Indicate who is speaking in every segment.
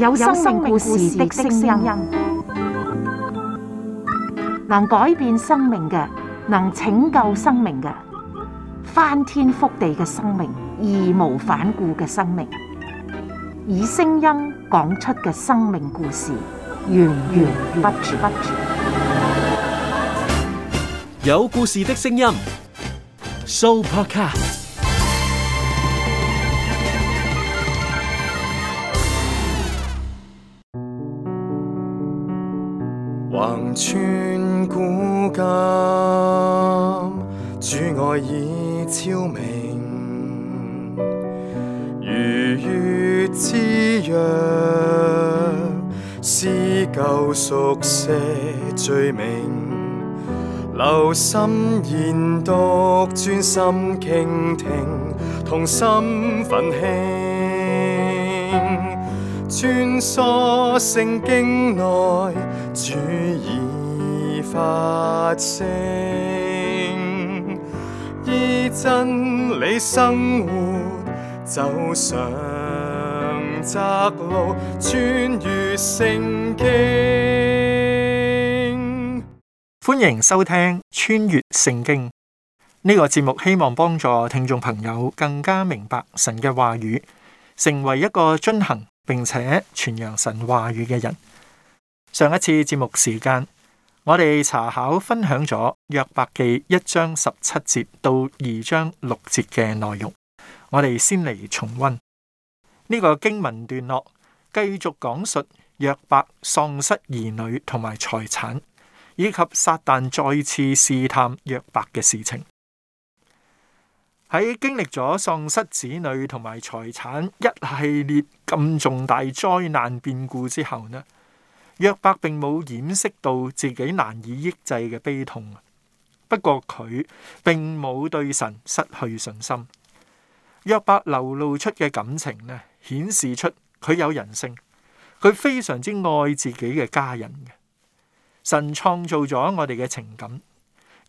Speaker 1: 有生命故事的聲音，能改變生命嘅，能拯救生命嘅，翻天覆地嘅生命，義無反顧嘅生命，以聲音講出嘅生命故事，源源不絕。有故事的聲音，Supercar。穿古今，主愛已超明。如月之約，撕舊熟悉罪名。留心研讀，專心傾聽，同心奮興。穿梭聖經內，主已發聲，依真理生活，走上窄路，穿越聖經。歡迎收聽《穿越聖經》呢個節目，希望幫助聽眾朋友更加明白神嘅話語，成為一個遵行，並且傳揚神話語嘅人。上一次節目時間，我哋查考分享咗約伯記一章十七節到二章六節嘅內容。我哋先嚟重温呢個經文段落，繼續講述約伯喪失兒女同埋財產，以及撒旦再次試探約伯嘅事情。喺經歷咗喪失子女同埋財產一系列咁重大災難變故之後呢，約伯並冇掩飾到自己難以抑制嘅悲痛。不過，佢並冇對神失去信心。約伯流露出嘅感情呢，顯示出佢有人性，佢非常之愛自己嘅家人嘅。神創造咗我哋嘅情感。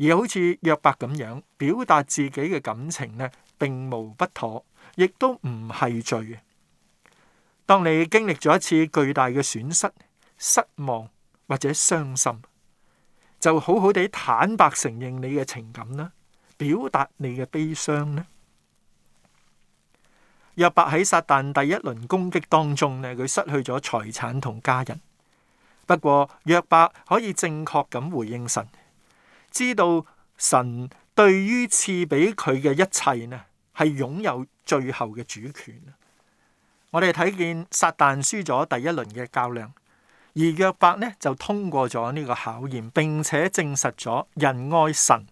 Speaker 1: 而好似約伯咁樣表達自己嘅感情呢，並無不妥，亦都唔係罪。當你經歷咗一次巨大嘅損失、失望或者傷心，就好好地坦白承認你嘅情感啦，表達你嘅悲傷呢。約伯喺撒旦第一輪攻擊當中呢，佢失去咗財產同家人。不過約伯可以正確咁回應神。知道神對於賜俾佢嘅一切呢，係擁有最後嘅主權。我哋睇見撒旦輸咗第一輪嘅較量，而約伯呢就通過咗呢個考驗，並且證實咗人愛神，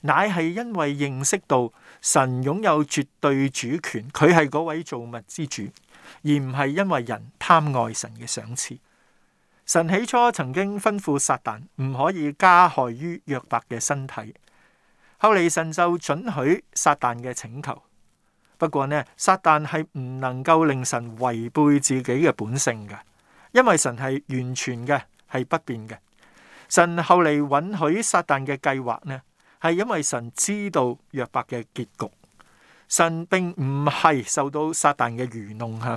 Speaker 1: 乃係因為認識到神擁有絕對主權，佢係嗰位造物之主，而唔係因為人貪愛神嘅賞賜。神起初曾經吩咐撒旦唔可以加害於約伯嘅身體，後嚟神就准許撒旦嘅請求。不過呢，撒旦係唔能夠令神違背自己嘅本性嘅，因為神係完全嘅，係不變嘅。神後嚟允許撒旦嘅計劃呢，係因為神知道約伯嘅結局。神並唔係受到撒旦嘅愚弄吓，而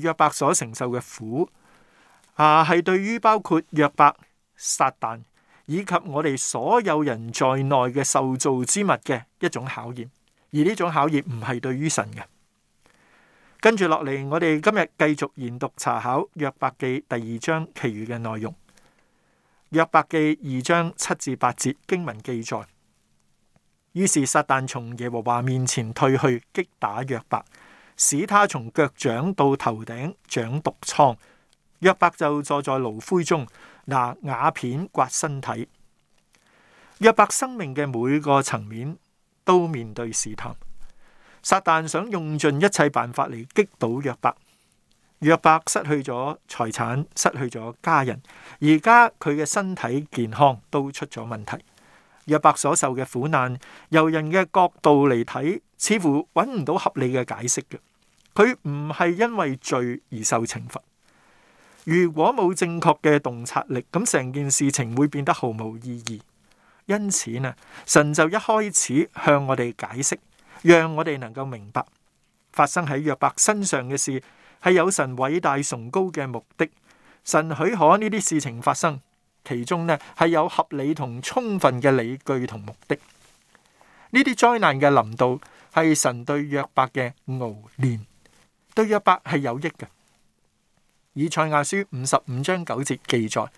Speaker 1: 約伯所承受嘅苦。下係、啊、對於包括約伯、撒旦，以及我哋所有人在內嘅受造之物嘅一種考驗，而呢種考驗唔係對於神嘅。跟住落嚟，我哋今日繼續研讀查考約伯記第二章，其餘嘅內容。約伯記二章七至八節經文記載：「於是撒旦從耶和華面前退去，擊打約伯，使他從腳掌到頭頂長毒瘡。約伯就坐在爐灰中，拿瓦片刮身體。約伯生命嘅每個層面都面對試探，撒旦想用盡一切辦法嚟擊倒約伯。約伯失去咗財產，失去咗家人，而家佢嘅身體健康都出咗問題。約伯所受嘅苦難，由人嘅角度嚟睇，似乎揾唔到合理嘅解釋嘅。佢唔係因為罪而受懲罰。如果冇正確嘅洞察力，咁成件事情會變得毫無意義。因此呢，神就一開始向我哋解釋，讓我哋能夠明白發生喺約伯身上嘅事係有神偉大崇高嘅目的。神許可呢啲事情發生，其中呢係有合理同充分嘅理據同目的。呢啲災難嘅臨到係神對約伯嘅熬練，對約伯係有益嘅。以賽亞書五十五章九節記載：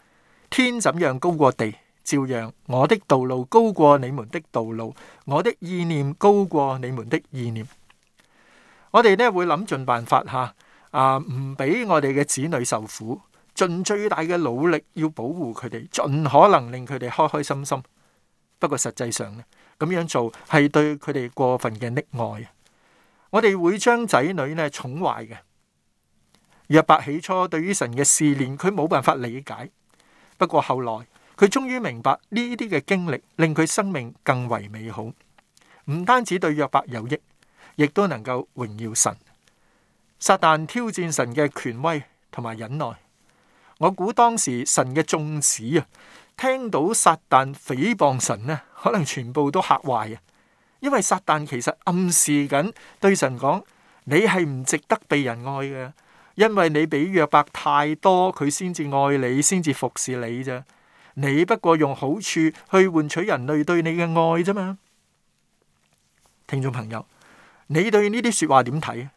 Speaker 1: 天怎樣高過地，照樣我的道路高過你們的道路，我的意念高過你們的意念。我哋咧會諗盡辦法吓，啊唔俾我哋嘅子女受苦，盡最大嘅努力要保護佢哋，盡可能令佢哋開開心心。不過實際上咧，咁樣做係對佢哋過分嘅溺愛。我哋會將仔女咧寵壞嘅。約伯起初對於神嘅試煉，佢冇辦法理解。不過後來，佢終於明白呢啲嘅經歷令佢生命更為美好。唔單止對約伯有益，亦都能夠榮耀神。撒旦挑戰神嘅權威同埋忍耐。我估當時神嘅眾使啊，聽到撒旦誹謗神呢，可能全部都吓壞啊！因為撒旦其實暗示緊對神講：你係唔值得被人愛嘅。因為你俾約伯太多，佢先至愛你，先至服侍你咋？你不過用好處去換取人類對你嘅愛啫嘛。聽眾朋友，你對呢啲說話點睇啊？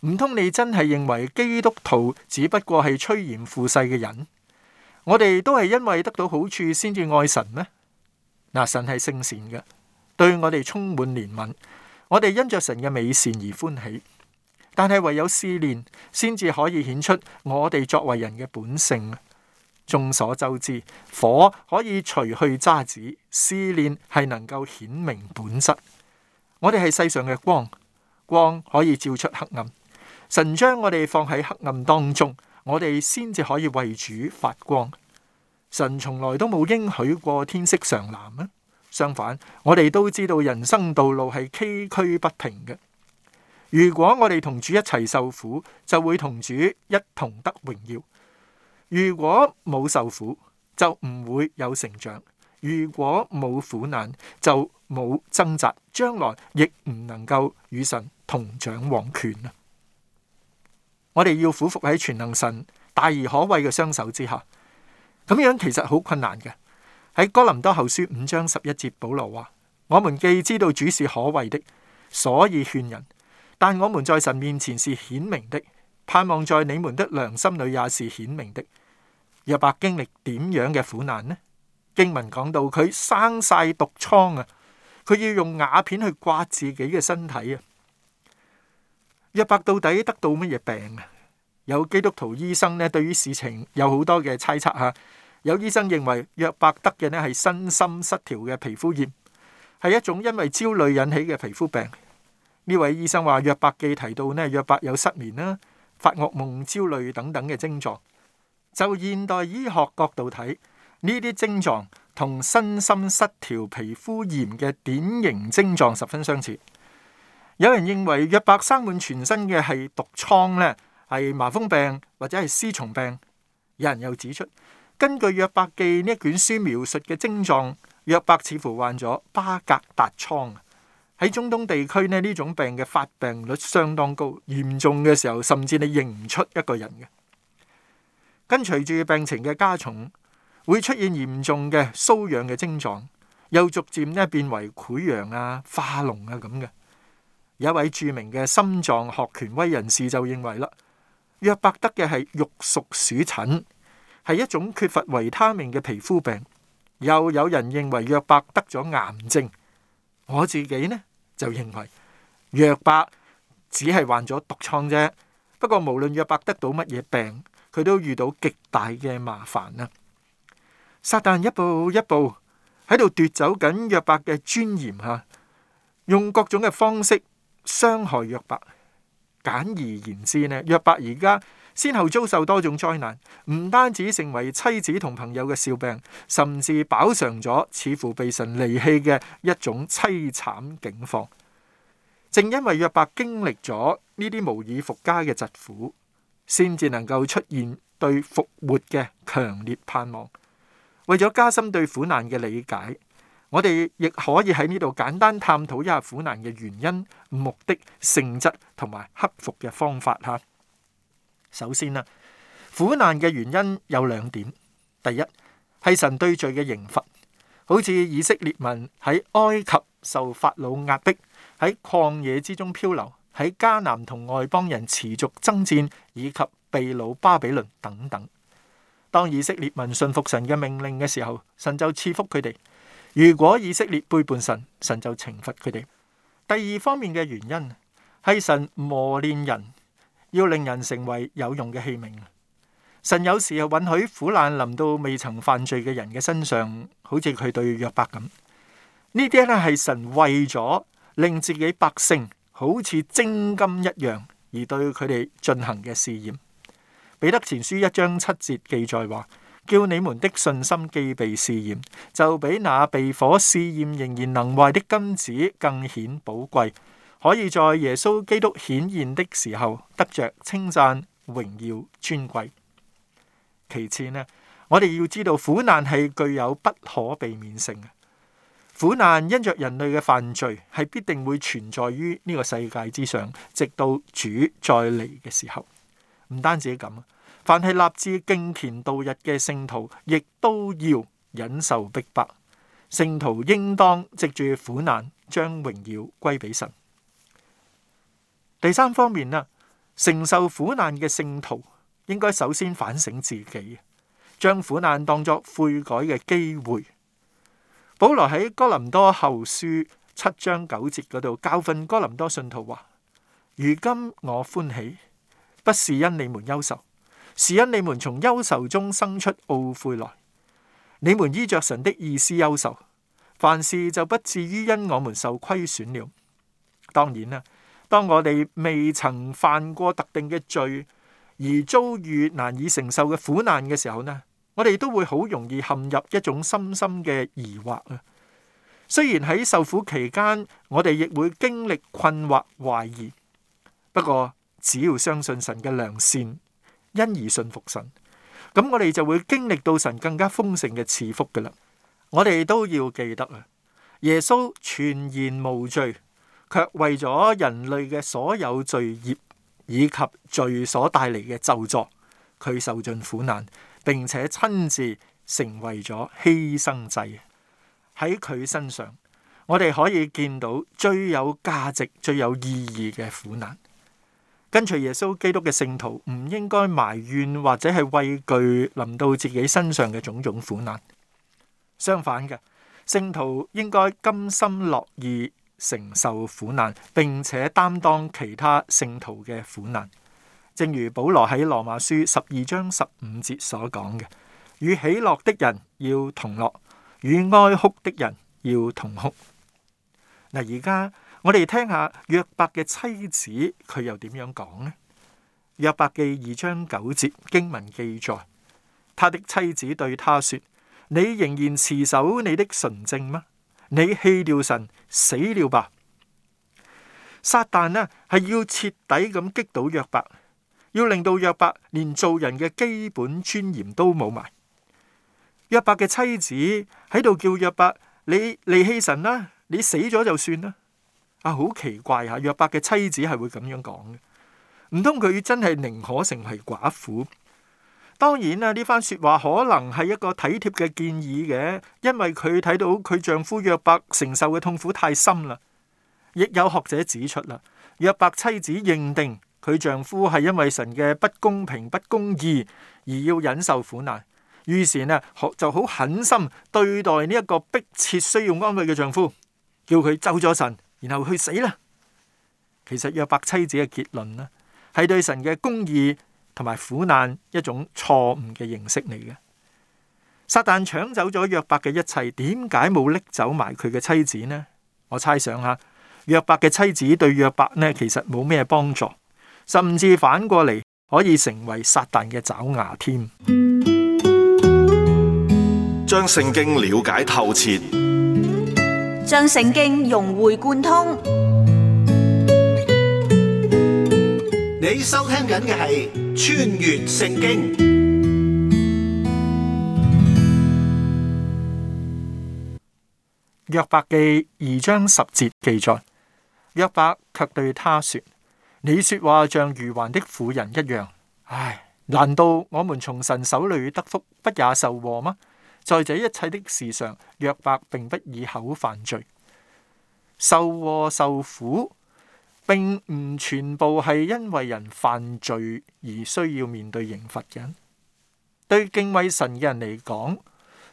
Speaker 1: 唔通你真係認為基督徒只不過係趨炎附勢嘅人？我哋都係因為得到好處先至愛神咩？嗱，神係聖善嘅，對我哋充滿憐憫，我哋因着神嘅美善而歡喜。但係唯有試煉先至可以顯出我哋作為人嘅本性啊！眾所周知，火可以除去渣滓，試煉係能夠顯明本質。我哋係世上嘅光，光可以照出黑暗。神將我哋放喺黑暗當中，我哋先至可以為主發光。神從來都冇應許過天色常藍啊！相反，我哋都知道人生道路係崎嶇不平嘅。如果我哋同主一齊受苦，就會同主一同得榮耀；如果冇受苦，就唔會有成長；如果冇苦難，就冇掙扎，將來亦唔能夠與神同掌王權啊！我哋要俯伏喺全能神大而可畏嘅雙手之下，咁樣其實好困難嘅。喺哥林多後書五章十一節，保羅話：我們既知道主是可畏的，所以勸人。但我們在神面前是顯明的，盼望在你們的良心裏也是顯明的。約伯經歷點樣嘅苦難呢？經文講到佢生晒毒瘡啊，佢要用瓦片去刮自己嘅身體啊。約伯到底得到乜嘢病？啊，有基督徒醫生呢，對於事情有好多嘅猜測吓。有醫生認為約伯得嘅呢係身心失調嘅皮膚炎，係一種因為焦慮引起嘅皮膚病。呢位醫生話：約伯記提到呢，約伯有失眠啦、發惡夢、焦慮等等嘅症狀。就現代醫學角度睇，呢啲症狀同身心失調、皮膚炎嘅典型症狀十分相似。有人認為約伯生滿全身嘅係毒瘡，呢係麻風病，或者係絲蟲病。有人又指出，根據約伯記呢一卷書描述嘅症狀，約伯似乎患咗巴格達瘡。喺中東地區呢，呢種病嘅發病率相當高，嚴重嘅時候甚至你認唔出一個人嘅。跟隨住病情嘅加重，會出現嚴重嘅瘙癢嘅症狀，又逐漸咧變為潰瘍啊、化膿啊咁嘅。有一位著名嘅心臟學權威人士就認為啦，約伯得嘅係肉屬鼠疹，係一種缺乏維他命嘅皮膚病。又有人認為約伯得咗癌症。我自己呢，就認為約伯只係患咗毒瘡啫。不過無論約伯得到乜嘢病，佢都遇到極大嘅麻煩啦。撒旦一步一步喺度奪走緊約伯嘅尊嚴嚇，用各種嘅方式傷害約伯。簡而言之呢，約伯而家。先後遭受多種災難，唔單止成為妻子同朋友嘅笑柄，甚至飽嘗咗似乎被神離棄嘅一種淒慘境況。正因為約伯經歷咗呢啲無以復加嘅疾苦，先至能夠出現對復活嘅強烈盼望。為咗加深對苦難嘅理解，我哋亦可以喺呢度簡單探討一下苦難嘅原因、目的、性質同埋克服嘅方法嚇。首先啦，苦難嘅原因有兩點。第一係神對罪嘅刑罰，好似以色列民喺埃及受法老壓迫，喺曠野之中漂流，喺迦南同外邦人持續爭戰，以及被擄巴比倫等等。當以色列民信服神嘅命令嘅時候，神就賜福佢哋；如果以色列背叛神，神就懲罰佢哋。第二方面嘅原因係神磨練人。要令人成為有用嘅器皿。神有時又允許苦難臨到未曾犯罪嘅人嘅身上，好似佢對約伯咁。呢啲咧係神為咗令自己百姓好似精金一樣，而對佢哋進行嘅試驗。彼得前書一章七節記載話：「叫你們的信心既被試驗，就比那被火試驗仍然能壞的金子更顯寶貴。可以在耶穌基督顯現的時候得着稱讚、榮耀、尊貴。其次呢，我哋要知道苦難係具有不可避免性嘅。苦難因着人類嘅犯罪係必定會存在於呢個世界之上，直到主再嚟嘅時候。唔單止咁，凡係立志敬虔度日嘅聖徒，亦都要忍受逼迫。聖徒應當藉住苦難將榮耀歸俾神。第三方面啊，承受苦難嘅聖徒應該首先反省自己，將苦難當作悔改嘅機會。保羅喺哥林多後書七章九節嗰度教訓哥林多信徒話：如今我歡喜，不是因你們憂愁，是因你們從憂愁中生出懊悔來。你們依着神的意思憂愁，凡事就不至於因我們受虧損了。當然啦。當我哋未曾犯過特定嘅罪而遭遇難以承受嘅苦難嘅時候呢，我哋都會好容易陷入一種深深嘅疑惑啊。雖然喺受苦期間，我哋亦會經歷困惑、懷疑，不過只要相信神嘅良善，因而信服神，咁我哋就會經歷到神更加豐盛嘅賜福㗎喇。我哋都要記得啊，耶穌全然無罪。卻為咗人類嘅所有罪孽以及罪所帶嚟嘅咒作，佢受盡苦難，並且親自成為咗犧牲祭。喺佢身上，我哋可以見到最有價值、最有意義嘅苦難。跟隨耶穌基督嘅聖徒唔應該埋怨或者係畏懼臨到自己身上嘅種種苦難，相反嘅，聖徒應該甘心樂意，承受苦難，並且擔當其他聖徒嘅苦難，正如保羅喺羅馬書十二章十五節所講嘅：與喜樂的人要同樂，與哀哭的人要同哭。嗱，而家我哋聽下約伯嘅妻子，佢又點樣講呢？約伯記二章九節經文記載，他的妻子對他說：你仍然持守你的純正嗎？你棄掉神，死了吧。撒旦呢係要徹底咁擊倒約伯，要令到約伯連做人嘅基本尊嚴都冇埋。約伯嘅妻子喺度叫約伯，你離棄神啦，你死咗就算啦。啊，好奇怪吓！約伯嘅妻子係會咁樣講嘅，唔通佢真係寧可成為寡婦？當然啦，呢番說話可能係一個體貼嘅建議嘅，因為佢睇到佢丈夫約伯承受嘅痛苦太深啦。亦有學者指出啦，約伯妻子認定佢丈夫係因為神嘅不公平、不公義而要忍受苦難，於是呢，學就好狠心對待呢一個迫切需要安慰嘅丈夫，叫佢咒詛神，然後去死啦。其實約伯妻子嘅結論呢，係對神嘅公義。同埋苦難一種錯誤嘅認識嚟嘅，撒旦搶走咗約伯嘅一切，點解冇拎走埋佢嘅妻子呢？我猜想下，約伯嘅妻子對約伯呢，其實冇咩幫助，甚至反過嚟可以成為撒旦嘅爪牙添。將聖經了解透徹，將聖經融會貫通。你收聽緊嘅係。穿越聖經，約伯記二章十節記載：約伯卻對他說，你說話像愚頑的婦人一樣。唉，難道我們從神手裏得福，不也受禍嗎？在這一切的事上，約伯並不以口犯罪，受禍受苦。並唔全部係因為人犯罪而需要面對刑罰嘅。對敬畏神嘅人嚟講，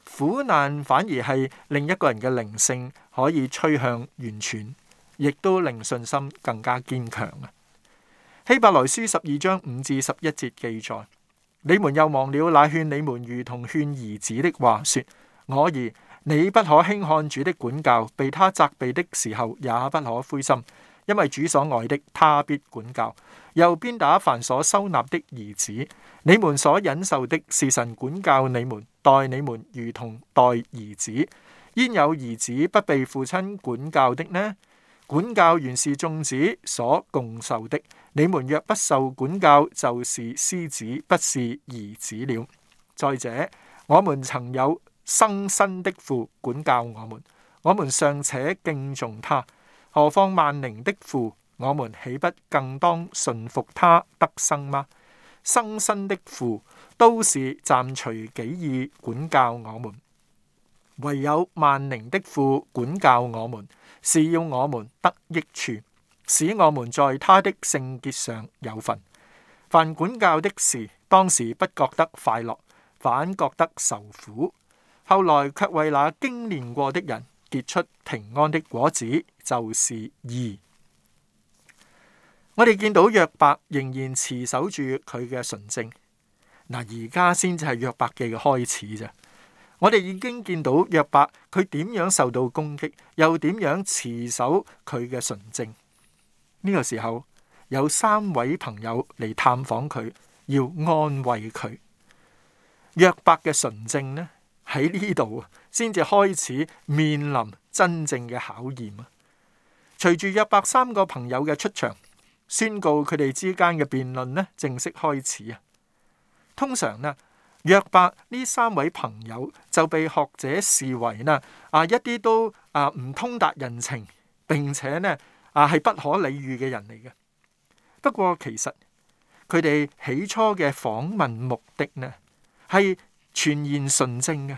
Speaker 1: 苦難反而係令一個人嘅靈性可以趨向完全，亦都令信心更加堅強啊。希伯來書十二章五至十一節記載：你們又忘了那勸你們如同勸兒子的話，說：我兒，你不可輕看主的管教，被他責備的時候，也不可灰心。因為主所愛的，他必管教；又鞭打凡所收納的兒子。你們所忍受的，是神管教你們，待你們如同待兒子。焉有兒子不被父親管教的呢？管教原是眾子所共受的。你們若不受管教，就是私子，不是兒子了。再者，我們曾有生身的父管教我們，我們尚且敬重他。何況萬靈的父，我們豈不更當順服他得生嗎？生身的父都是暫隨己意管教我們，唯有萬靈的父管教我們，是要我們得益處，使我們在他的聖潔上有份。凡管教的事，當時不覺得快樂，反覺得受苦；後來卻為那經練過的人，結出平安的果子，就是義。我哋見到約伯仍然持守住佢嘅純正，嗱，而家先至係約伯記嘅開始啫。我哋已經見到約伯佢點樣受到攻擊，又點樣持守佢嘅純正。呢、呢個時候有三位朋友嚟探訪佢，要安慰佢。約伯嘅純正呢？喺呢度。先至開始面臨真正嘅考驗啊！隨住約伯三個朋友嘅出場，宣告佢哋之間嘅辯論呢，正式開始啊。通常呢，約伯呢三位朋友就被學者視為呢，啊一啲都啊唔通達人情，並且呢，啊係不可理喻嘅人嚟嘅。不過其實佢哋起初嘅訪問目的呢，係傳言純正嘅，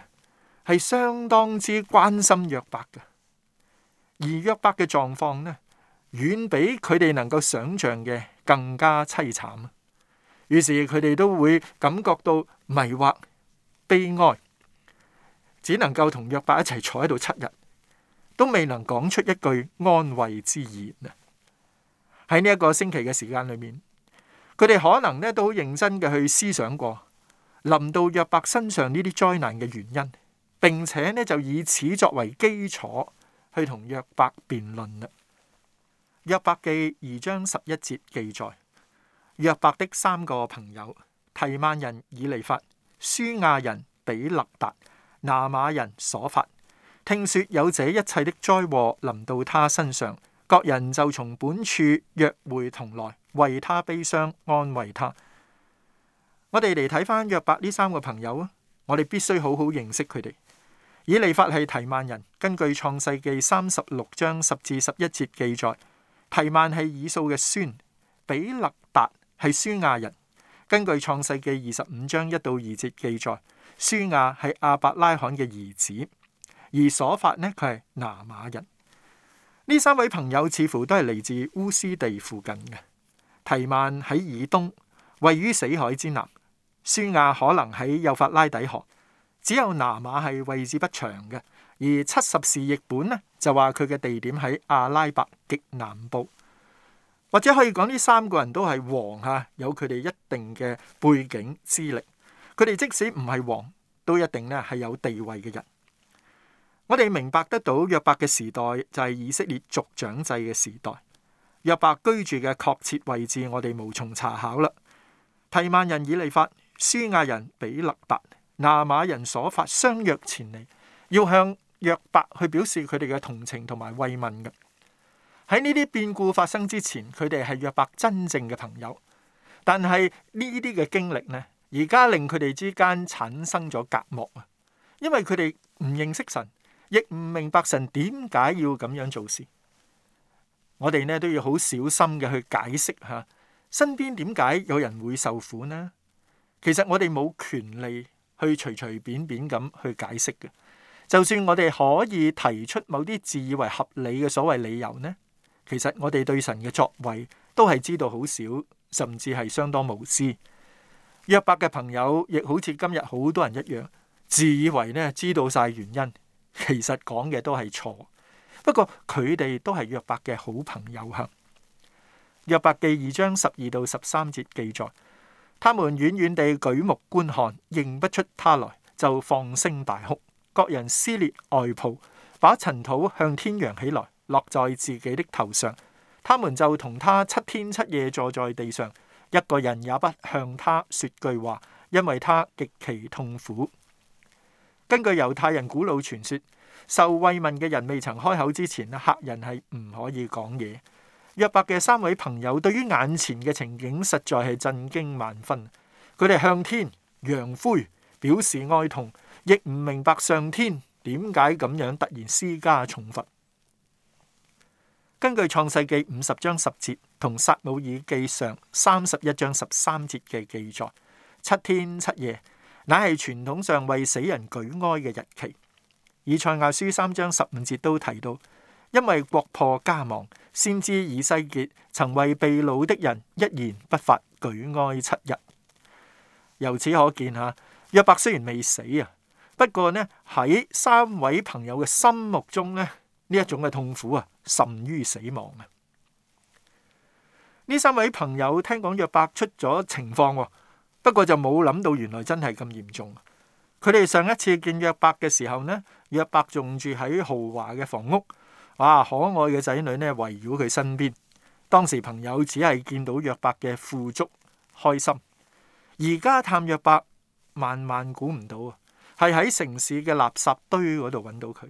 Speaker 1: 係相當之關心約伯嘅，而約伯嘅狀況呢，遠比佢哋能夠想象嘅更加淒慘啊。於是佢哋都會感覺到迷惑、悲哀，只能夠同約伯一齊坐喺度七日，都未能講出一句安慰之言啊。喺呢一個星期嘅時間裏面，佢哋可能呢都好認真嘅去思想過，臨到約伯身上呢啲災難嘅原因。並且呢，就以此作為基礎去同約伯辯論啦。約伯記二章十一節記載：約伯的三個朋友，提幔人以利法、舒亞人比勒達、拿馬人所法。聽說有這一切的災禍臨到他身上，各人就從本處約會同來，為他悲傷，安慰他。我哋嚟睇翻約伯呢三個朋友啊，我哋必須好好認識佢哋。以利法係提曼人，根據創世記三十六章十至十一節記載，提曼係以掃嘅孫，比勒達係書亞人。根據創世記二十五章一到二節記載，書亞係亞伯拉罕嘅兒子，而所法呢佢係拿馬人。呢三位朋友似乎都係嚟自烏斯地附近嘅。提曼喺以東，位於死海之南。書亞可能喺幼發拉底河。只有拿馬係位置不詳嘅，而七十士譯本呢就話佢嘅地點喺阿拉伯極南部，或者可以講呢三個人都係王吓、啊，有佢哋一定嘅背景資歷。佢哋即使唔係王，都一定咧係有地位嘅人。我哋明白得到約伯嘅時代就係、是、以色列族長制嘅時代。約伯居住嘅確切位置我哋無從查考啦。提曼人以利法，舒亞人比勒達。拿馬人所發相約前嚟，要向約伯去表示佢哋嘅同情同埋慰問嘅。喺呢啲變故發生之前，佢哋係約伯真正嘅朋友。但係呢啲嘅經歷呢，而家令佢哋之間產生咗隔膜啊。因為佢哋唔認識神，亦唔明白神點解要咁樣做事。我哋呢都要好小心嘅去解釋下身邊點解有人會受苦呢？其實我哋冇權利，去隨隨便便咁去解釋嘅，就算我哋可以提出某啲自以為合理嘅所謂理由呢，其實我哋對神嘅作為都係知道好少，甚至係相當無知。約伯嘅朋友亦好似今日好多人一樣，自以為呢，知道晒原因，其實講嘅都係錯。不過佢哋都係約伯嘅好朋友啊。約伯記二章十二到十三節記載。他們遠遠地舉目觀看，認不出他來，就放聲大哭。各人撕裂外袍，把塵土向天揚起來，落在自己的頭上。他們就同他七天七夜坐在地上，一個人也不向他說句話，因為他極其痛苦。根據猶太人古老傳說，受慰問嘅人未曾開口之前，客人係唔可以講嘢。約伯嘅三位朋友對於眼前嘅情景實在係震驚萬分，佢哋向天、揚灰表示哀痛，亦唔明白上天點解咁樣突然施加重罰。根據創世記五十章十節同撒母耳記上三十一章十三節嘅記載，七天七夜乃係傳統上為死人舉哀嘅日期。以賽亞書三章十五節都提到。因為國破家亡，先知以西結曾為被擄的人一言不發，舉哀七日。由此可見吓，約伯雖然未死啊，不過呢，喺三位朋友嘅心目中呢，呢一種嘅痛苦啊，甚於死亡啊。呢三位朋友聽講約伯出咗情況，不過就冇諗到原來真係咁嚴重。佢哋上一次見約伯嘅時候呢，約伯仲住喺豪華嘅房屋。哇！可愛嘅仔女呢，圍繞佢身邊。當時朋友只係見到約伯嘅富足開心，而家探約伯，萬萬估唔到啊，係喺城市嘅垃圾堆嗰度揾到佢。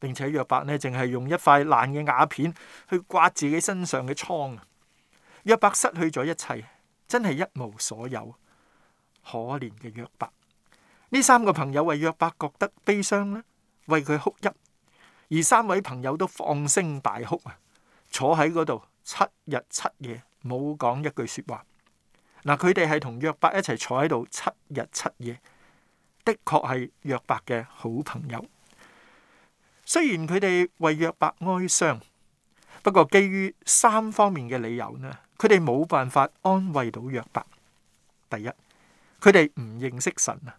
Speaker 1: 並且約伯呢，淨係用一塊爛嘅瓦片去刮自己身上嘅瘡啊！約伯失去咗一切，真係一無所有。可憐嘅約伯，呢三個朋友為約伯覺得悲傷呢，為佢哭泣。而三位朋友都放聲大哭啊！坐喺嗰度七日七夜冇講一句說話。嗱，佢哋係同約伯一齊坐喺度七日七夜，的確係約伯嘅好朋友。雖然佢哋為約伯哀傷，不過基於三方面嘅理由呢，佢哋冇辦法安慰到約伯。第一，佢哋唔認識神啊，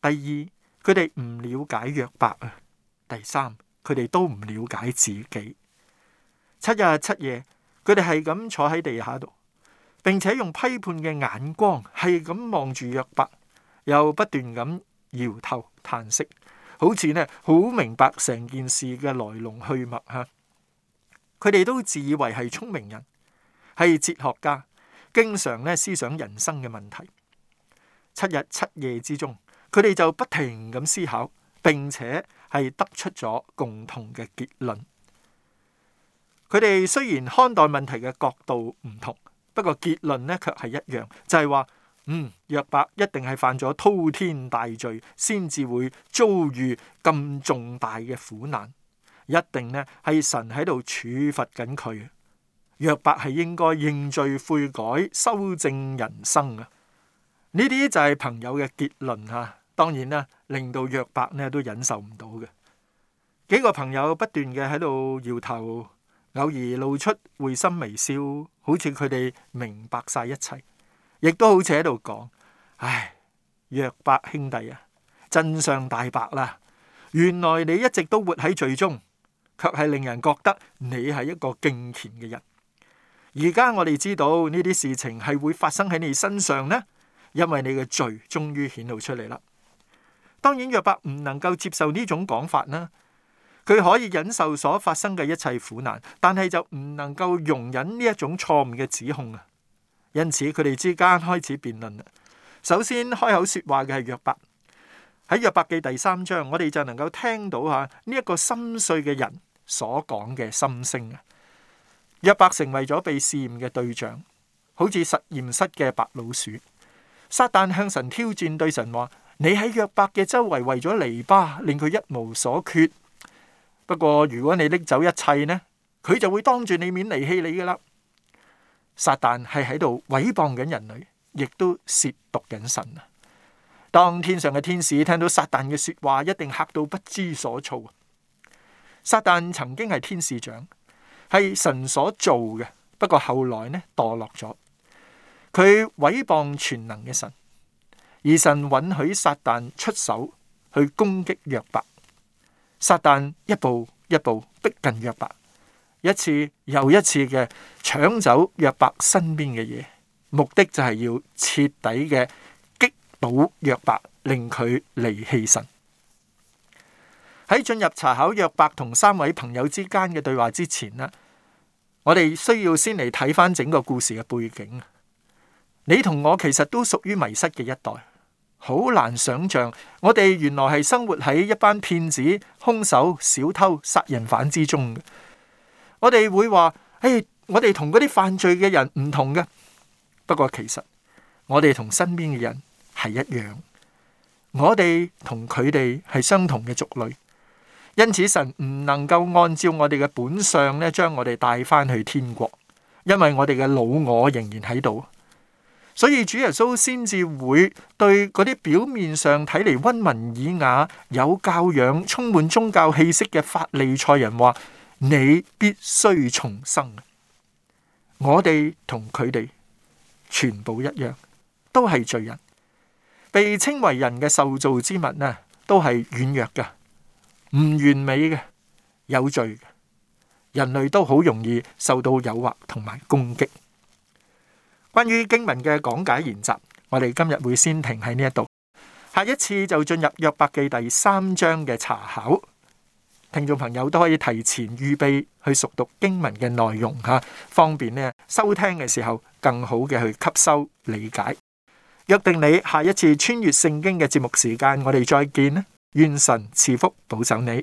Speaker 1: 第二，佢哋唔了解約伯啊，第三。佢哋都唔了解自己，七日七夜，佢哋係咁坐喺地下度，並且用批判嘅眼光係咁望住約伯，又不斷咁搖頭嘆息，好似呢好明白成件事嘅來龍去脈吓。佢哋都自以為係聰明人，係哲學家，經常咧思想人生嘅問題。七日七夜之中，佢哋就不停咁思考，並且，係得出咗共同嘅結論。佢哋雖然看待問題嘅角度唔同，不過結論呢卻係一樣，就係話：嗯，約伯一定係犯咗滔天大罪，先至會遭遇咁重大嘅苦難。一定呢係神喺度處罰緊佢。約伯係應該認罪悔改、修正人生啊！呢啲就係朋友嘅結論吓。當然啦，令到約伯呢都忍受唔到嘅。幾個朋友不斷嘅喺度搖頭，偶爾露出會心微笑，好似佢哋明白晒一切，亦都好似喺度講：唉，約伯兄弟啊，真相大白啦！原來你一直都活喺罪中，卻係令人覺得你係一個敬虔嘅人。而家我哋知道呢啲事情係會發生喺你身上呢，因為你嘅罪終於顯露出嚟啦。當然，約伯唔能夠接受呢種講法啦。佢可以忍受所發生嘅一切苦難，但係就唔能夠容忍呢一種錯誤嘅指控啊。因此，佢哋之間開始辯論。首先開口說話嘅係約伯。喺約伯記第三章，我哋就能夠聽到下呢一個心碎嘅人所講嘅心聲啊。約伯成為咗被試驗嘅對象，好似實驗室嘅白老鼠。撒旦向神挑戰，對神話。你喺約伯嘅周圍圍咗籬笆，令佢一無所缺。不過如果你拎走一切呢，佢就會當住你面離棄你噶啦。撒旦係喺度毀謗緊人類，亦都褻瀆緊神啊！當天上嘅天使聽到撒旦嘅說話，一定嚇到不知所措。撒旦曾經係天使長，係神所做嘅，不過後來呢，墮落咗，佢毀謗全能嘅神。而神允許撒旦出手去攻擊約伯，撒旦一步一步逼近約伯，一次又一次嘅搶走約伯身邊嘅嘢，目的就係要徹底嘅擊倒約伯，令佢離棄神。喺進入查考約伯同三位朋友之間嘅對話之前呢，我哋需要先嚟睇翻整個故事嘅背景。你同我其實都屬於迷失嘅一代。好難想象，我哋原來係生活喺一班騙子、兇手、小偷、殺人犯之中嘅。我哋會話：誒，我哋同嗰啲犯罪嘅人唔同嘅。不過其實我哋同身邊嘅人係一樣，我哋同佢哋係相同嘅族類。因此，神唔能夠按照我哋嘅本相咧，將我哋帶翻去天國，因為我哋嘅老我仍然喺度。所以主耶穌先至會對嗰啲表面上睇嚟温文爾雅、有教養、充滿宗教氣息嘅法利賽人話：你必須重生。我哋同佢哋全部一樣，都係罪人，被稱為人嘅受造之物啊，都係軟弱嘅，唔完美嘅，有罪。人類都好容易受到誘惑同埋攻擊。關於經文嘅講解研習，我哋今日會先停喺呢一度，下一次就進入約伯記第三章嘅查考。聽眾朋友都可以提前預備去熟讀經文嘅內容吓，方便呢收聽嘅時候更好嘅去吸收理解。約定你下一次穿越聖經嘅節目時間，我哋再見啦！願神賜福，保守你。